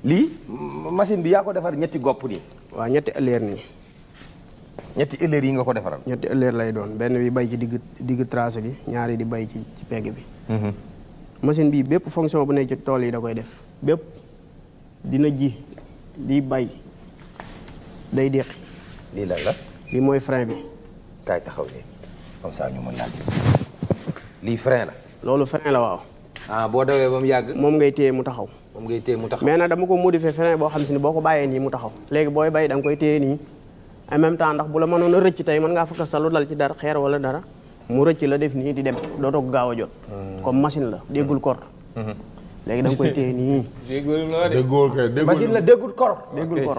lii machine bi yaa ko defar ñetti gopp nii. waaw ñetti ëllëg nii. ñetti ëllëg yi nga ko defaral. ñetti ëllëg lay doon benn bi bay ci digg digg bi ñaari di bay ci ci pegg bi. Mm-hmm. machine bi bépp fonction bu ne ci tool yi da koy def bépp dina ji di bay day deqi. lii lan la. lii mooy frein bi. kaay taxaw nii comme ça ñu mën laa gis. lii frein la. loolu frein la waaw. ah boo dawee ba yàgg. moom ngay téye mu taxaw. moom ngay téye mu taxaw mais nag dama ko modifier frein boo xam si ne boo ko bàyyee nii mu taxaw. léegi booy bay da nga koy téye nii en même temps ndax bu la mënoon a rëcc tey mën ngaa fëkk salu dal ci dara xeer wala dara mu rëcc la def nii di dem dootoo ko gaaw a jot. Hmm. comme machine la déggul kor. Hmm. léegi da nga koy téye nii. déggul la déggul kay déggul la déggul kor. déggul kor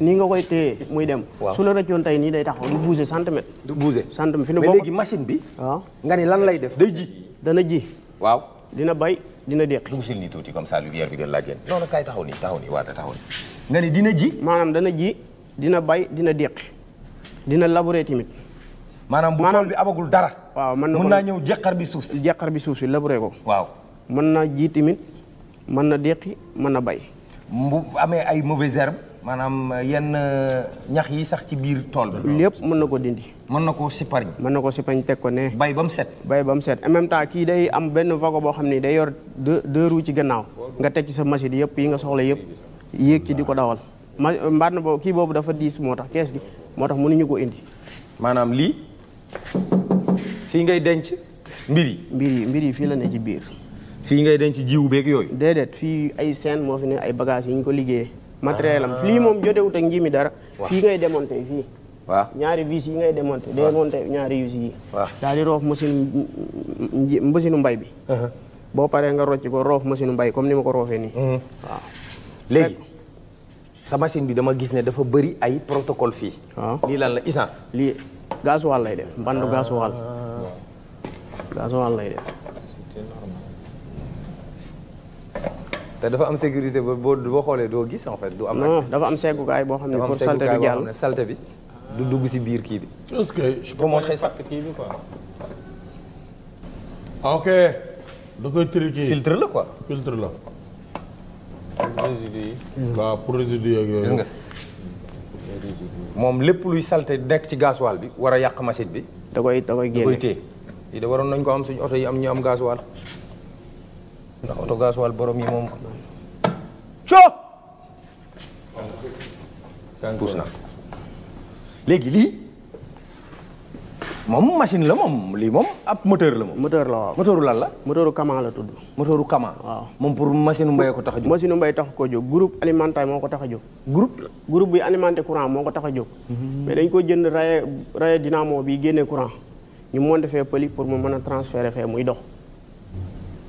nii nga koy téye muy dem. su la rëccoon tey nii day taxaw du bouger centimètre. du bouger centimètre fi mu. mais léegi machine bi. waaw ah. nga ni lan lay def day ji. dana ji waaw dina bay dina deqi. dugg si nii tuuti comme ça lumière bi gën laa génn. non non kaay taxaw nii taxaw nii waata taxaw nii. nga ni dina ji. maanaam dana ji dina bay dina déq dina labouré tamit. maanaam bu tool bi amagul dara. waaw mën na ko naa ñëw jeqar bi suuf si. jeqar bi suuf si labouré ko. waaw mën na ji tamit mën na déqi mën na bay. bu amee ay mauvaises maanaam eh, yenn eh, ñax yi sax ci biir tool bi. lépp mën na ko dindi. mën na koo siparñ. mën na ko siparñ teg ko ne. bay ba mu set. bay ba mu set en même temps kii day am benn vago boo xam ni day yor deux ci gannaaw. nga teg ci sa machine yëpp yi nga soxla yëpp yéeg ci di ko dawal. ma mbaat boobu kii boobu dafa diis moo tax kees gi moo tax mënuñu ko indi. maanaam lii fii ngay denc mbir yi. mbir yi fii la ne ci biir. fii ngay denc jiw beeg yooyu. déedéet fii ay seen moo fi ne ay bagages yi ñu ko liggéeye matériel am lii moom jotewut ak nji mi dara. fii ngay démonté fii. ñaari vis yi ngay démonté. waaw ñaari vis yi. waaw daal di roof machine mbay bi. Uh-huh. boo paree nga rocc ko roof machine mbay comme ni ma ko roofee nii. Uh-huh. waaw léegi sa machine bi dama gis ne dafa bëri ay protocole fii. waaw ah. lii lan la essence. lii gasoil lay def mbandu ah. gasoil. gasoil lay def. te dafa am sécurité ba boo boo xoolee doo gis en fait. du am accès dafa am segukaay boo xam ne pour salte bi salte bi du dugg si biir kii bi. est-ce que je peux montrer ça kii bi quoi. Ah, ok. da koy triquer la quoi. filtre la. pour résidus yi. waaw pour yooyu. nga moom lépp luy salte nekk ci gasoil bi war a yàq machine bi. da koy da koy génne da koy waroon nañ ko am suñu oto yi am ñu am gasoil. ndax oto gasoil borom yi moom. co. puus na léegi lii moom machine la moom lii moom ab moteur la moom. moteur la waaw moteuru lan la. moteuru Kama la tudd. moteuru Kama. waaw moom pour machine mbay ko tax a jóg. machine tax ko jóg groupe alimentaire moo ko tax a jóg. groupe groupe bi alimenté courant moo ko tax a jóg. Mhm. mais dañ ko jënd raye raye dynamo bi génne courant ñu monté fee pëli pour mu mën a transférer fee muy dox.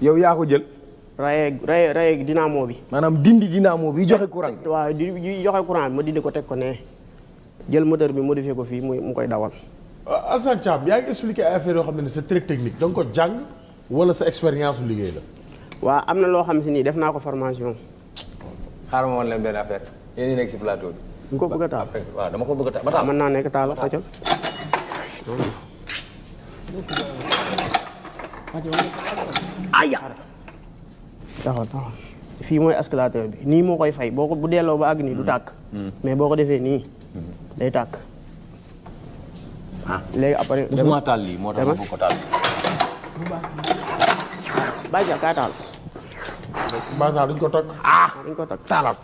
yow yaa ko jël. raye raye raye dynamo bi. maanaam dindi moo bi joxe courant bi. waaw di joxe courant bi ma dindi ko teg ko ne jël moteur bi defee ko fii mu koy dawal. Ah, Alassane Thiam yaa ngi expliqué ay affaires yoo xam ne c'est très technique da nga ko jàng wala sa expérience su liggéey la. waaw am na loo xam si nii def naa ko formation. xaaral ma woon leen benn affaire yéen ñi nekk si plateau bi. ñu ko bëgg a taal waaw dama ko bëgg a taal ba taal mën naa nekk taal xëccal. aya. taxaw taxaw fii mooy escalateur bi nii moo koy fay boo ko bu delloo ba àgg nii du hmm. tàkk. Hmm. mais boo ko defee nii hmm. day tàkk. ah léegi après. musuma taal lii moo tax ma ko ko takk. ah ko takk taalaat.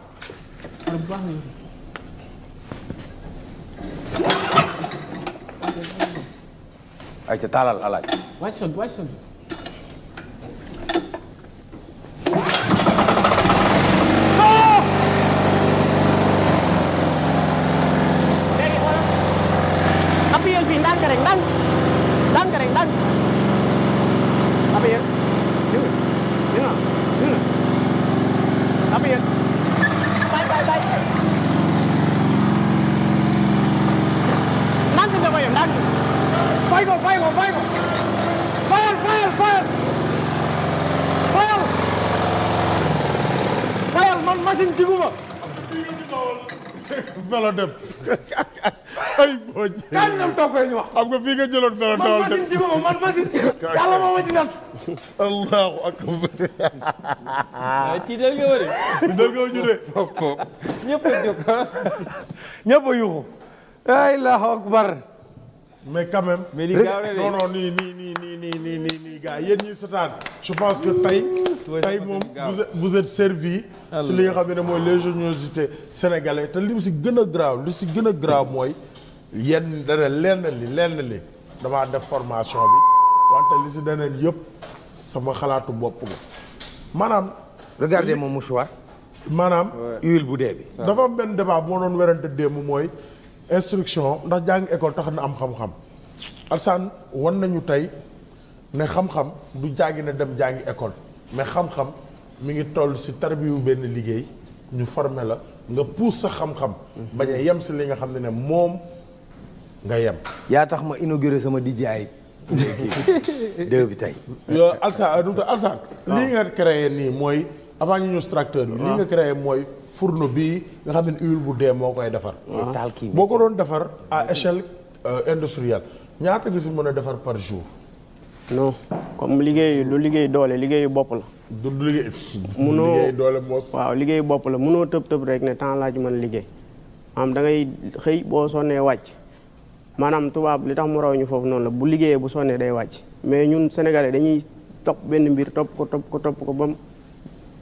ay man jiguma vélo ay boo kaa ñu dem toog ñu wax xam nga fii nga jëloon vélo man machine jiguma man machine yàlla moo ma ci a jóg ñëpp a yuuxu ay akbar mais quand même. mais li gaaw non non nii nii nii nii nii nii nii nii gars yéen ñii seetaan je pense que tey. tey moom vous vous êtes servi. si li nga xam ne mooy l'ingéniosité sénégalais te li si gën a grave li si gën a grave mooy yenn dana lenn li lenn li damaa def formation bi wante li si deneen yëpp sama xalaatu bopp la maanaam. regardez mon mouchoir. maanaam. huile bu dee bi. dafa am benn débat moo doon werante démb mooy. instruction ndax jàng école tax na am xam-xam Alsaan wan nañu tey ne xam-xam du jàggi na dem jàngi école mais xam-xam mi ngi toll si tarbiyu benn liggéey ñu formé la nga puus sa xam-xam. Mhm. bañ a yem si li nga xam ne ne moom nga yem. yaa tax ma inauguré sama DJI. déw bi tey. yow Alsaan euh, Alsaan. lii nga créé nii mooy avant ñu ñëw tracteur bi. lii nga créé mooy. fourneau bii nga xam ne bu dee moo koy defar. Ah. boo ko doon defar à échelle euh, industrielle ñaata nga si mën a defar par jour. no comme liggéeyu lu liggéey doole liggéeyu bopp la. du du munoo doole moos. waaw liggéeyu bopp la munoo tëb tëb rek ne temps laa ci liggéey am da ngay xëy boo sonnee wàcc maanaam tubaab li tax mu raw ñu foofu noonu la bu liggéeyee bu sonnee day wàcc mais ñun sénégalais dañuy topp benn mbir topp ko topp ko topp ko ba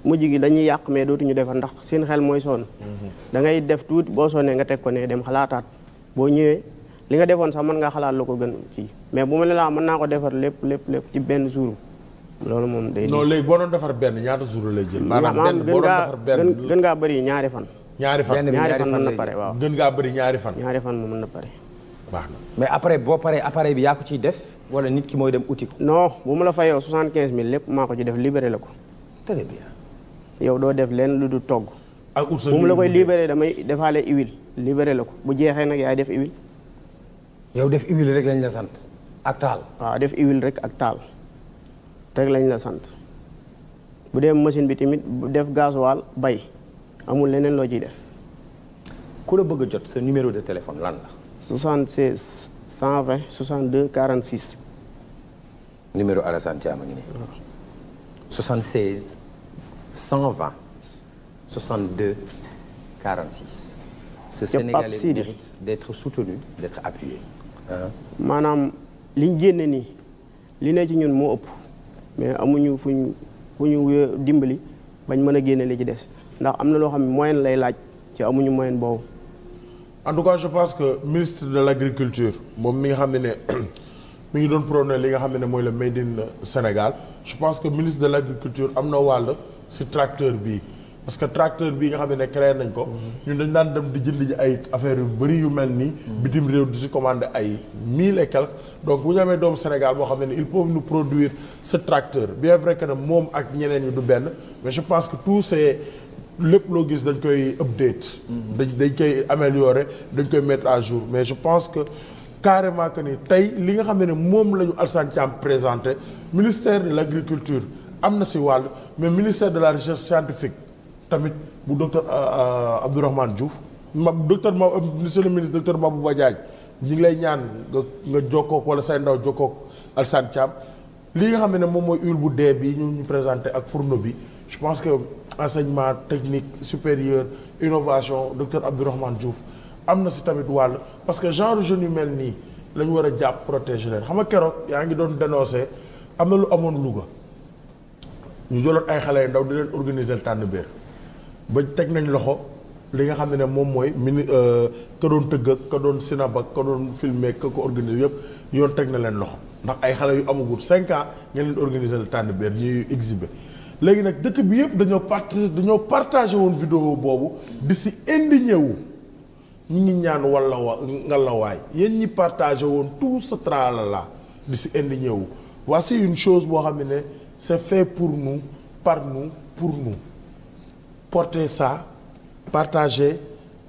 mujj gi dañuy yàq mais dootuñu defar ndax seen xel mooy sonn. Mhm. da ngay def tuuti boo sonnee nga teg ko nee dem xalaataat boo ñëwee li nga defoon sax mën nga xalaat lu ko gën kii mais bu ma ne laa mën naa ko defar lépp lépp lépp ci benn jour. loolu moom day. non léegi boo defar benn ñaata jour lay jël. maanaam benn boo doon defar benn gën gën fan. ñaari fan ñaari fan mën na pare waaw gën ngaa bëri ñaari fan. ñaari fan moom na pare. baax na boo paree appareil bi yaa ko ciy def wala nit ki mooy dem uti ko. non bu ma la fayoo 75000 lépp maa ko ci def libéré la ko. yow doo def leen lu du togg bu mu la koy libéré damay defaale huile libéré la ko bu jeexee nag yaay def huile yow def huile rek lañ la sant ak taal waaw def huile rek ak taal rek lañ la sant bu dee machine bi tamit def gasoil bay amul leneen loo ciy def ku la bëgg a jot sa numéro de téléphone lan la 76 120 62 46 numéro Alassane Thiam a ngi nii 120 62 46. ce Sénégalais mérite d'être soutenu d'être appuyé. maanaam liñ génne nii li ne ci ñun moo ëpp mais amuñu fuñ fu ñu dimbali bañ mën a génne li ci des ndax am na loo xam ne moyen lay laaj ci amuñu moyen boobu. en tout cas je pense que ministre de l'agriculture moom mi nga xam ne ne mi ngi doon prôné li nga xam ne ne mooy le made in Sénégal je pense que ministre de l'agriculture am na wàll. ci tracteur bii parce que tracteur bii nga xam ne ne créer nañ ko. ñun dañ daan dem di jënd ji ay affaire yu bëri yu mel nii. bitim réew di si commandé ay mille et quelques. donc bu ñu amee doomu Sénégal boo xam ne il faut nous produire ce tracteur bien vrai que ne moom ak du benn je pense que tous ces lépp loo gis dañ koy update. dañ dañ koy améliorer dañ koy mettre à jour mais je pense que. carrément que ni tey li nga xam ne moom la ñu Alassane Thiam présenté ministère de l' agriculture am na si wàll mais ministère de la recherche scientifique tamit bu docteur euh, euh, Abdourahmane Diouf ma docteur ma euh, monsieur le ministre docteur Mabouba Diagne ñi ngi lay ñaan nga nga jokkook wala say ndaw jokkook Alsane Thiam li nga xam ne moom mooy huile bu dee bi ñu ñu présenté ak fourneau bi je pense que enseignement technique supérieur innovation docteur Abdourahmane Diouf am na si tamit wàll parce que genre jeunes yu mel nii lañu war a jàpp protéger leen xam nga keroog yaa ngi doon dénoncé am lu amoon Louga ñu jëloon ay xale yu ndaw di leen organiser tànn biir ba teg nañ loxo li nga xam ne ne moom mooy mini euh, ka doon tëgg ak ka doon cinéma ka doon filmer ka ko organiser yëpp yoon teg na leen loxo ndax ay xale yu amagul cinq ans ngeen leen organiser tànn biir ñuy exhiber. léegi nag dëkk bi yëpp dañoo partagé dañoo partagé woon video boobu di si indi wu ñu ngi ñaan walla wa ngalawaay yéen ñi partagé woon tout ce tralala di si indi wu voici une chose boo xam ne. c'est fait pour nous par nous pour nous porter ça partager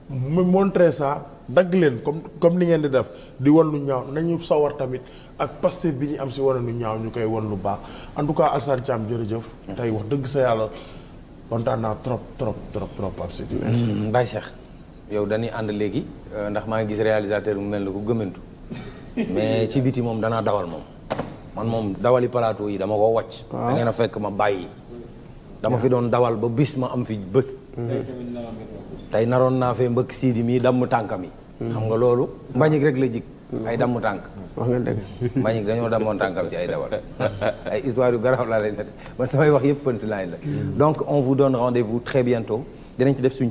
montrer saa dagg leen comme comme ni ngeen di def di wan lu ñaaw nañu sawar tamit ak Pastef bi ñu am si wane lu ñaaw ñu koy wan lu baax en tout cas Alassane Thiam jërëjëf. tey wax dëgg sa yàlla kontaan naa trop trop trop trop ab si. Mm-hmm. Baye Cheikh yow dañuy ànd léegi euh, ndax maa ngi gis réalisateur mu mel ni ku gëmëntu mais ci biti moom danaa dawal moom. man moom dawali plateau yi dama ko wàcc. da ngeen a fekk ma bàyyi. dama fi doon dawal ba bis ma am fi bës mm-hmm. tey naroon naa fee mbëkk siidi mii damm tànkam mm-hmm. yi. xam nga loolu mbañik rek la jik mm-hmm. ay damm tànk. wax nga dëgg mbañik dañoo dammoon tànkam ci ay dawal ay histoire yu garaaw laa lay nekk man samay wax yëpp punchline la. donc on vous donne rendez-vous très bientôt dinañ ci def suñ